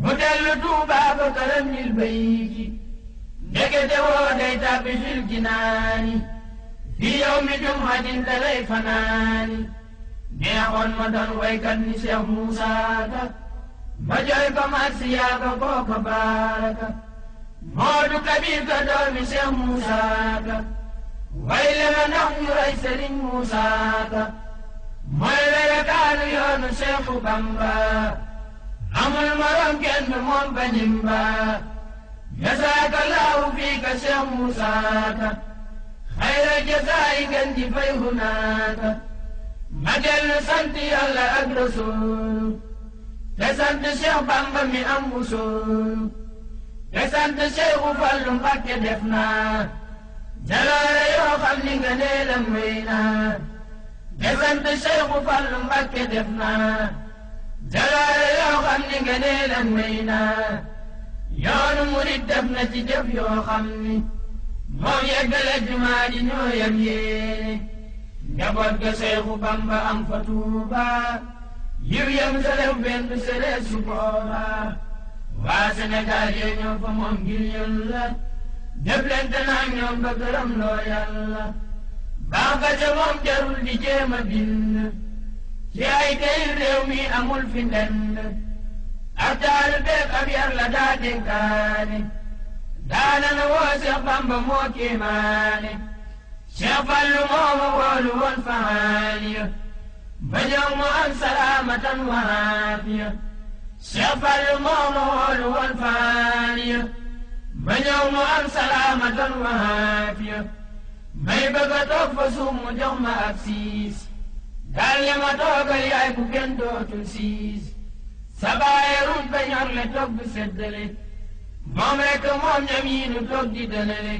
mu dellu Tuubaa ba këram ñil bayti ndekete woo day tàbbi fil jinaani fi yow mi jumhatin dalay fanaani neexoon ma doon waykat ni Cheikh Moussa Ka ma jooy ko marsiyaa ka kooka baaraka Moodu Kabir ka doomi Cheikh Moussa Ka way le ma ndax ñu rey Serigne Moussa Ka yoonu Seexu Bamba amul morom kenn moom Banimba jazaakallaahu fiika Seex Musaaka xayra jazaayi gën ji fay hunaaka ma dellu sant yàlla ak Rasuul te mi am usul te sant Seexu Fallu Mbàkke def ni nga nee la di sant Seexu Fallu Mbàkke def naa jalaale yoo xam ni nga nee lan may naa yoonu murit def na ci jëf yoo xam ni moom yeggale jumaa ji ñoo yem yéene njaboot ga Seexu Bamba am fa Tuuba yiw yam selew benn selee su booba waa Sénégal yee ñoo fa moom ngir yàlla def leen te naa ñoom ba gërëm loo yàlla baax nga moom jarul di jéem a ay tey réew mi amul fi ndenn ab taalu beeg ab yar woo Seex Bamba moo kéemaane Seex Fallu mooma woolu woon fahaani ya ba ñëw am salaamatan wahaab ya Seex Fallu mooma woolu woon fahaani ya ba ñëw am salaamatan wahaab ya may bëgg toog ba suuf mu jox ma ab siis daal ne yaay bu kenn dootul siis sabaaye ruuj ba ñor le toog du seddale moom rek moom ñam toog di dënale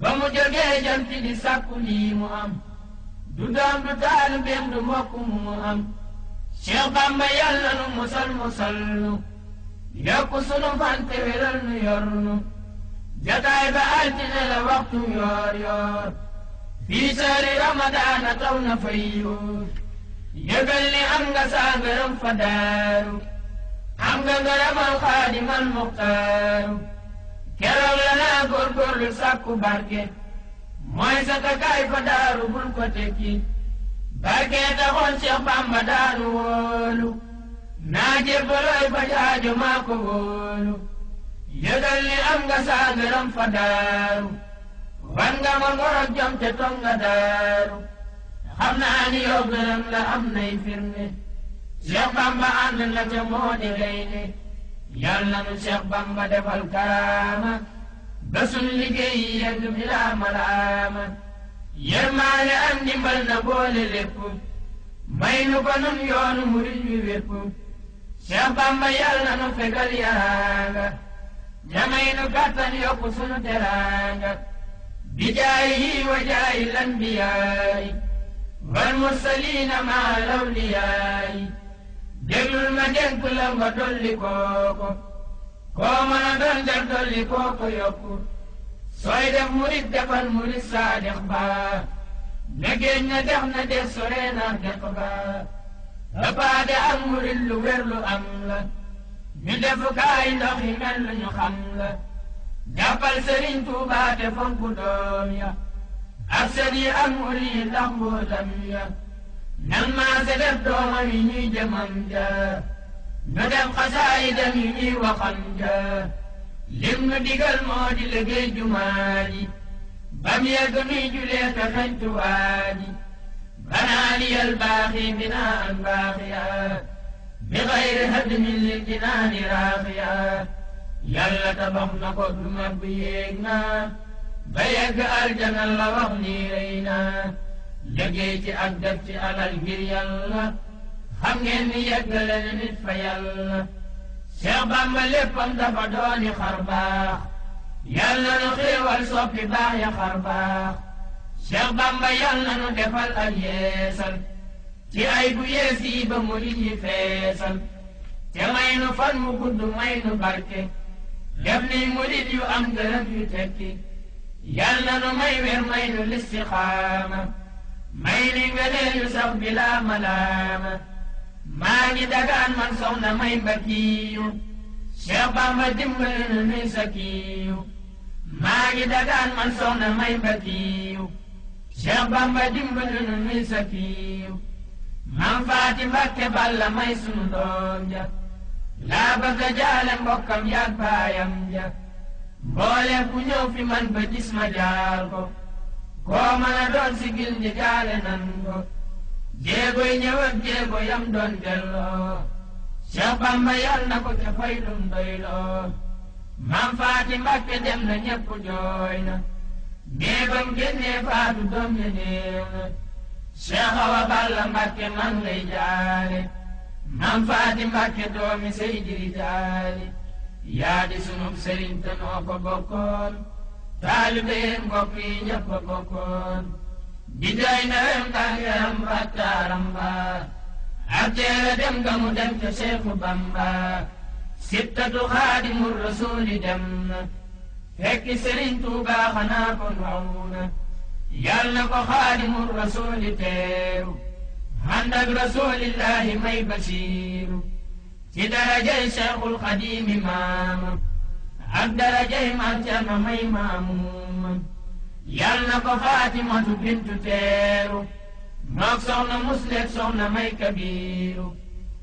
ba mu jógee janti di sàkku mu am du doom du taalibeem du mbokk mu am Cheikh Bamba yàlla nu musal musal nu yokk sunu fante wéral nu yor jataay ba altine la waxtu yoor yoor fii sëri ramadaana taw na fa yiwóor yëgal ni am nga saa ngërëm fa daaru am nga ngërëmal xaadimal muxtaaru keroog la naa góorgóorlu sàkku barke mooy sa takaay fa daaru bul ko tekki barke taxoon Cheikh Bamba daanu wóolu naa jébbalooy fa jaajo maa ko wóolu yëgal ni am nga saa fa daaru wan nga ma ngoro jom te toog daaru xam naa ni yow la am nay firnde Cheikh Bamba ànd na ca moo di gaynde yal na nu Cheikh Bamba defal karaama ba sun liggéey yegg bi laa malaama yërmaale ak ndimbal na boole lépp may nu ko nun yoonu murid wi wépp Cheikh Bamba yal na nu fegal yaraanga ñamay nu yokku sunu teraanga bi jaayi wa jaayi lanbiyaay wal mursaliina maa lawliyaay déglul ma dénk la dolli kooko koo mën a doon dolli kooko yokku sooy murit defal murit saadex baa na na dex na def soree naa baa dapaade ak murit lu wér lu am la ñu def kaay mel ñu xam la jàppal sëriñ Tuubaa doom ya ak sët yi ak mur ya nan maase def doomam yi ñuy jëmam ja def xasaay dem yi ñuy lim nu digal moo di liggéey bam yegg nuy julee te xañ Tuubaa ji banaaniyal baaxi binaan baaxiya bi xayri hadmin lil jinaan raaxiya yàlla tabax na ko du mar bi yéeg naa ba yegg aljana la wax nii rëy naa liggéey ci ak def ci alal ngir yàlla xam ngeen ni yeggale na nit fa yàlla Seex Bàmba léppam dafa dooni xar baax yàlla nu xéewal soppi baax ya xar baax Seex Bàmba yàlla nu defal ak yeesal ci ay bu yees yi ba murid yi feesal te may nu fan mu gudd may nu barke def ni murid yu am gërëm yu tekki yàlla nu may wer may nu listixaama may ni weleel yu sax bilaa malaama maa ngi dagaan man soxna may mbakiyu Cheikh Bamba dimbali nu nuy sakiyu maa ngi dagaan man soxna may mbakiyu Cheikh Bamba dimbali nu nuy sakiyu maam faati mbakke balla may sunu doom ja laa bëgg a jaale mbokkam yaag baayam ja mboole ku ñëw fi man ba gis ma jaar ko doon sigil ñi nan ko jéegoy ñëw ak yam doon delloo Cheikh Bamba na ko fay dum doyloo maam faati mbakke dem na ñépp jooy na néegam génnee faatu doom ya Cheikh Awa Balla Mbakke man lay jaare maam Faati Mbakke doomi Seydi Jaali yaa di sunub sëriñ te noo ko bokkoon taalibeen mbokk yi ñëpp ko bokkoon di jooy nawem tàngeram bàkkaaram ba ak teere dem nga mu dem ca Cheikhu Bamba sittatu xaadimu rasuuli dem na fekki sëriñ Tuubaa xanaa ko naw na yal na ko xaadimu rasuuli teeru ànd ak rasuulillaahi may basiiru ci darajay seexul xadiimi maamam ak darajay maam Cerno may maamumam yal na ko faatimatu bintu teeru moog soxna musleek soxna may kabiiru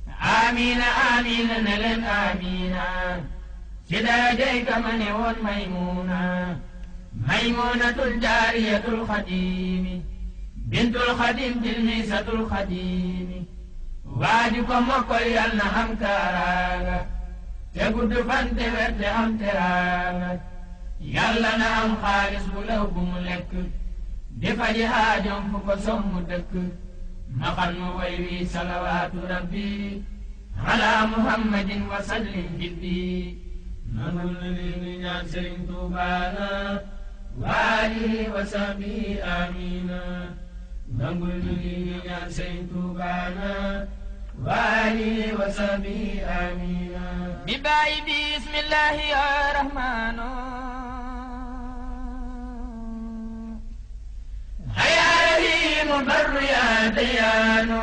aamiina aamiina ne leen aamiina ci darajay ka ma ne woon maymuuna ميمونة الجارية الخديم بنت الخديم تلميذة الخديم waajukam mokkal yal na am kaaraanga te gudd fan te wér te am teraanga yàlla na am xaalis bu law bu lekk di faji aajoom fu ko dëkk ma mu way wi salawaatu rabbi muhammadin wa sallim biddi na li ñu ñaan Sëriñ Tuubaa waali wa sami amina nangul ñu ngi ñaan sëñ waali wa sami amina bi bàyyi bismillahi rahmaano hayaa rahimu barru yaa dayaano